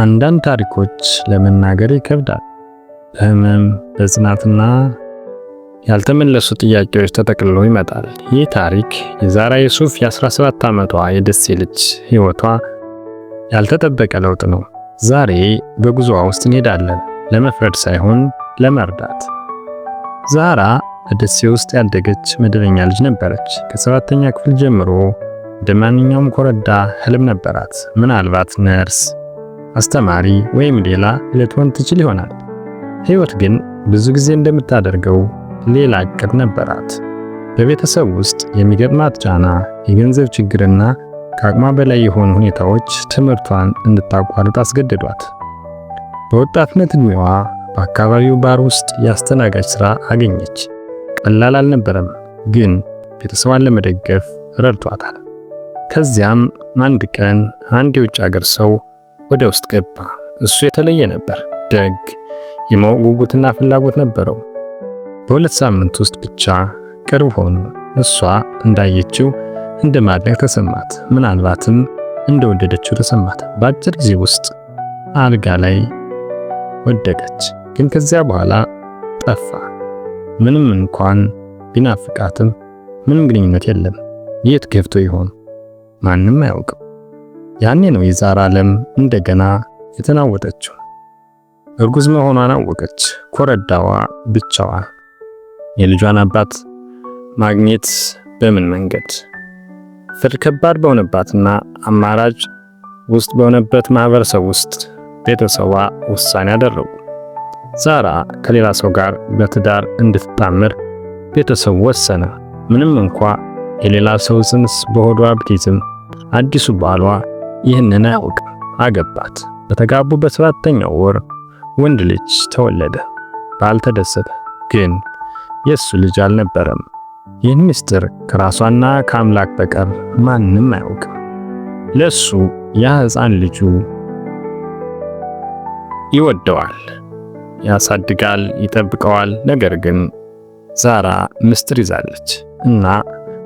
አንዳንድ ታሪኮች ለመናገር ይከብዳል። በህመም በጽናትና ያልተመለሱ ጥያቄዎች ተጠቅልሎ ይመጣል። ይህ ታሪክ የዛራ የሱፍ የ17 ዓመቷ የደሴ ልጅ ሕይወቷ ያልተጠበቀ ለውጥ ነው። ዛሬ በጉዞዋ ውስጥ እንሄዳለን፣ ለመፍረድ ሳይሆን ለመርዳት። ዛራ በደሴ ውስጥ ያደገች መደበኛ ልጅ ነበረች። ከሰባተኛ ክፍል ጀምሮ ወደ ማንኛውም ኮረዳ ህልም ነበራት፣ ምናልባት ነርስ አስተማሪ ወይም ሌላ ልትሆን ትችል ይሆናል። ህይወት ግን ብዙ ጊዜ እንደምታደርገው ሌላ እቅድ ነበራት። በቤተሰብ ውስጥ የሚገጥማት ጫና፣ የገንዘብ ችግርና ከአቅሟ በላይ የሆኑ ሁኔታዎች ትምህርቷን እንድታቋርጥ አስገድዷት። በወጣትነት ዕድሜዋ በአካባቢው ባር ውስጥ የአስተናጋጅ ሥራ አገኘች። ቀላል አልነበረም፣ ግን ቤተሰቧን ለመደገፍ ረድቷታል። ከዚያም አንድ ቀን አንድ የውጭ አገር ሰው ወደ ውስጥ ገባ። እሱ የተለየ ነበር፣ ደግ፣ የማወቅ ጉጉትና ፍላጎት ነበረው። በሁለት ሳምንት ውስጥ ብቻ ቅርብ ሆኑ። እሷ እንዳየችው እንደ ማድነቅ ተሰማት፣ ምናልባትም እንደወደደችው ተሰማት። በአጭር ጊዜ ውስጥ አልጋ ላይ ወደቀች። ግን ከዚያ በኋላ ጠፋ። ምንም እንኳን ቢናፍቃትም ምንም ግንኙነት የለም። የት ገብቶ ይሆን? ማንም አያውቅም። ያኔ ነው የዛራ ዓለም እንደገና የተናወጠችው። እርጉዝ መሆኗን አወቀች። ኮረዳዋ ብቻዋ የልጇን አባት ማግኘት በምን መንገድ? ፍርድ ከባድ በሆነባትና አማራጭ ውስጥ በሆነበት ማህበረሰብ ውስጥ ቤተሰቧ ውሳኔ አደረጉ። ዛራ ከሌላ ሰው ጋር በትዳር እንድትጣምር ቤተሰቡ ወሰነ። ምንም እንኳ የሌላ ሰው ጽንስ በሆዷ ብትይዝም አዲሱ ባሏ ይህንን አያውቅም። አገባት። በተጋቡ በሰባተኛው ወር ወንድ ልጅ ተወለደ። ባልተደሰተ ግን የሱ ልጅ አልነበረም። ይህን ምስጢር ከራሷና ከአምላክ በቀር ማንም አያውቅም። ለሱ ያ ሕፃን ልጁ ይወደዋል፣ ያሳድጋል፣ ይጠብቀዋል። ነገር ግን ዛራ ምስጢር ይዛለች እና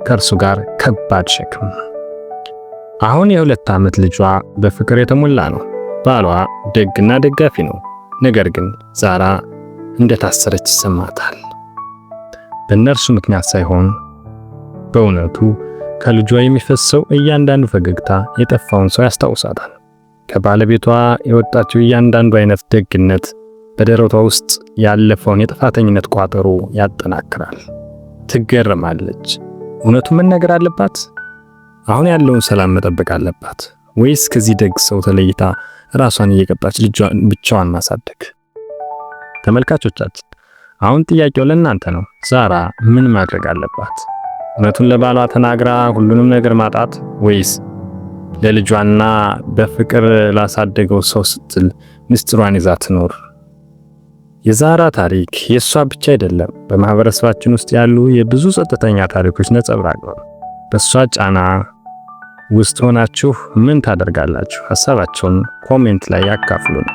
ከእርሱ ጋር ከባድ ሸክም አሁን የሁለት ዓመት ልጇ በፍቅር የተሞላ ነው። ባሏ ደግና ደጋፊ ነው። ነገር ግን ዛራ እንደታሰረች ይሰማታል። በእነርሱ ምክንያት ሳይሆን በእውነቱ ከልጇ የሚፈሰው እያንዳንዱ ፈገግታ የጠፋውን ሰው ያስታውሳታል። ከባለቤቷ የወጣችው እያንዳንዱ አይነት ደግነት በደረቷ ውስጥ ያለፈውን የጥፋተኝነት ቋጠሮ ያጠናክራል። ትገረማለች። እውነቱ መነገር አለባት። አሁን ያለውን ሰላም መጠበቅ አለባት ወይስ ከዚህ ደግ ሰው ተለይታ ራሷን እየቀጣች ልጇን ብቻዋን ማሳደግ? ተመልካቾቻችን አሁን ጥያቄው ለእናንተ ነው። ዛራ ምን ማድረግ አለባት? እውነቱን ለባሏ ተናግራ ሁሉንም ነገር ማጣት ወይስ ለልጇና በፍቅር ላሳደገው ሰው ስትል ምስጢሯን ይዛ ትኖር? የዛራ ታሪክ የእሷ ብቻ አይደለም። በማህበረሰባችን ውስጥ ያሉ የብዙ ጸጥተኛ ታሪኮች ነጸብራቅ ነው። በእሷ ጫና ውስጥ ሆናችሁ ምን ታደርጋላችሁ? ሀሳባችሁን ኮሜንት ላይ ያካፍሉን።